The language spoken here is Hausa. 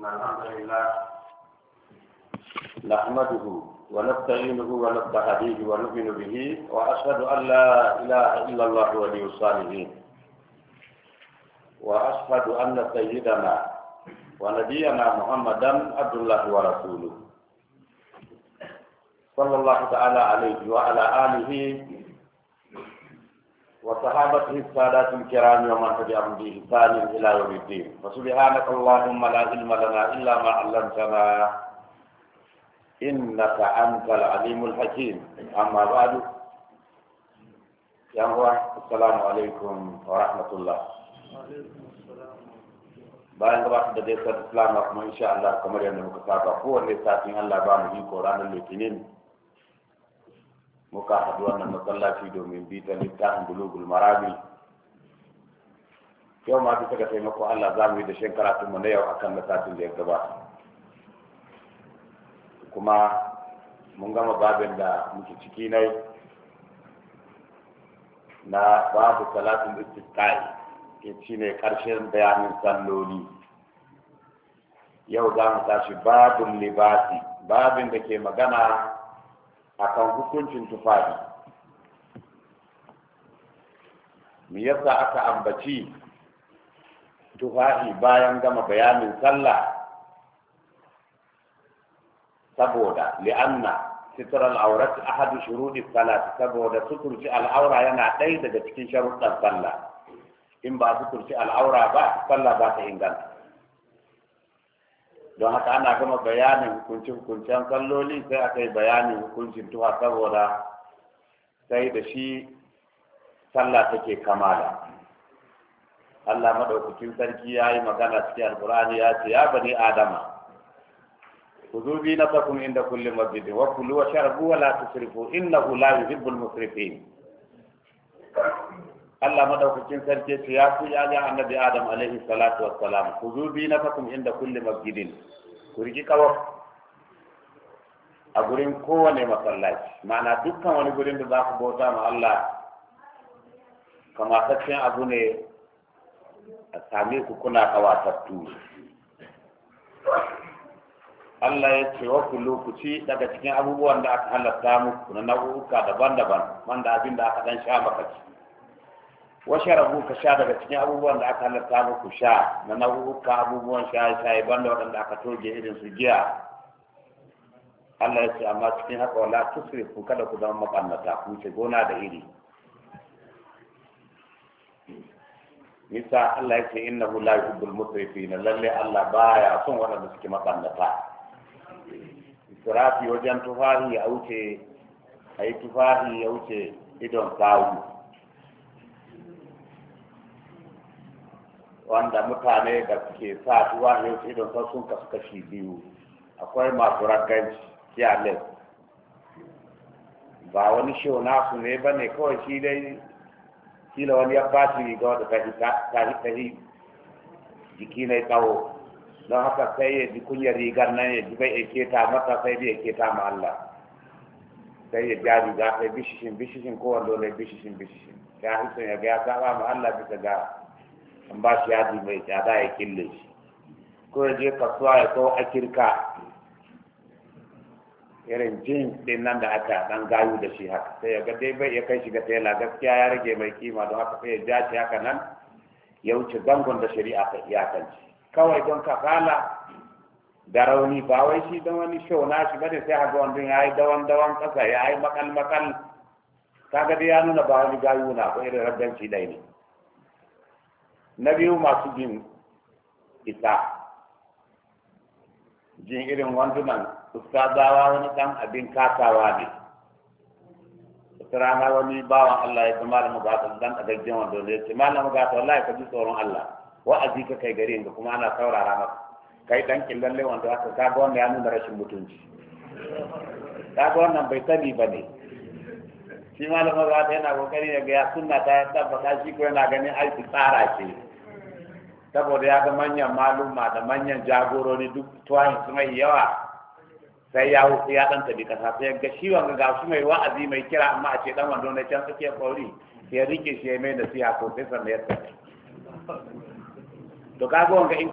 إن الحمد لله نحمده ونستعينه ونستهديه ونؤمن به وأشهد أن لا إله إلا الله ولي الصالحين وأشهد أن سيدنا ونبينا محمدا عبد الله ورسوله صلى الله تعالى عليه وعلى آله وصحابته السادات الكرام ومن تبعهم بإحسان إلى يوم الدين فسبحانك اللهم لا علم لنا إلا ما علمتنا إنك أنت العليم الحكيم أما بعد يا السلام عليكم ورحمة الله bayan gabatar da daisar islam kuma insha Allah kamar yadda muka saba kowanne satin Allah ba mu iko ranar litinin muka haɗu wannan masallaci domin ta littafin bulugul marabi yau ma bisa ga taimako Allah za mu yi da shan karatunmu na yau akan na da ya gabata kuma mun gama babin da muke ciki na na babu salatin istiqai ke ci karshen bayanin salloli yau za mu tashi babin libasi babin da ke magana akan hukuncin tufafi me yasa aka ambaci tufafi bayan gama bayanin sallah saboda li'anna sitar al'aurat ahadu shurudi salat saboda suturci al'aura yana ɗaya daga cikin sharuɗan sallah in ba suturci al'aura ba sallah ba ta inganta don haka ana gama bayanin hukunci hukuncen salloli sai a kai bayanin hukuncin tuwa saboda sai da shi sallah take kamala Allah madaukakin sarki ya yi magana cikin alkur'ani ya ce ya bani adama ku zo bi na takum inda kulli masjidin wa kullu wa sharbu wa la tusrifu innahu la yuhibbul musrifin Allah madaukakin sarki ce ya ku ya ga annabi Adam alaihi salatu wassalam ku zubi na fakum inda kulli masjidin ku riki kawo a gurin kowane masallaci ma'ana dukkan wani gurin da za ku bauta ma Allah kamataccen abu ne a same ku kuna kawatattu Allah ya ce wa ku ci daga cikin abubuwan da aka halatta muku na nau'uka daban-daban wanda abin da aka dan sha maka ci washarabu ka sha daga cikin abubuwan da aka halatta muku sha na nau'uka abubuwan sha shaye banda waɗanda aka toge irin su giya Allah ya ce amma cikin haka wala ku kada ku zama mabannata ku ce gona da iri nisa Allah ya ce hu la yuhibbul musrifina lalle Allah baya son waɗanda suke mabannata israfi wajen tufahi ya wuce ayi tufahi ya wuce idon sawu wanda mutane da suke sa tuwa ne su idan sun sun kasu kashi biyu akwai masu raganci kiyales ba wani shiwo nasu ne ba ne kawai shi dai kila wani ya ba shi riga wadda ta yi ta yi jiki na tsawo don haka sai ya ji kunyar rigar nan ya ji bai ya keta mata sai bai ya keta ma Allah sai ya ja riga sai bishishin bishishin kowanne dole bishishin bishishin ya hisan ya ga ya saba ma Allah bisa ga in ba shi yadi mai tsada ya kille shi ko ya je kasuwa ya kawo akirka irin jin din nan da aka dan gayu da shi haka sai ya ga dai bai ya kai shi ga tela gaskiya ya rage mai kima don haka sai ya ja haka nan ya wuce zangon da shari'a ta iyakance kawai don kasala da rauni ba wai shi don wani show na shi bane sai haka wanda ya yi dawan dawan kasa ya yi makal makal kaga dai ya nuna ba wani gayu na ko irin rabbanci dai ne na biyu masu jin isa jin irin wandunan ustazawa wani dan abin kasawa ne wata wani bawan Allah ya ce da gata dan a gajjen wanda ya ce malam gata wallahi ka ji tsoron Allah ji ka kai gare ga kuma ana saurara maka kai dan lalle wanda aka kaga wanda ya nuna rashin mutunci kaga wannan bai sani ba ne shi malam gata yana kokari ya ga ya sunna ta tabbata shi ko yana ganin aiki tsara ce saboda ya ga manyan maluma da manyan jagorori duk tuwahin su mai yawa sai ya wuce ya ɗan tabi kasa sai ga shi wanga ga su mai wa'azi mai kira amma a ce dan wando ne can suke kauri ya rike shi ya mai nasiha ko sai ya to kaga wanga in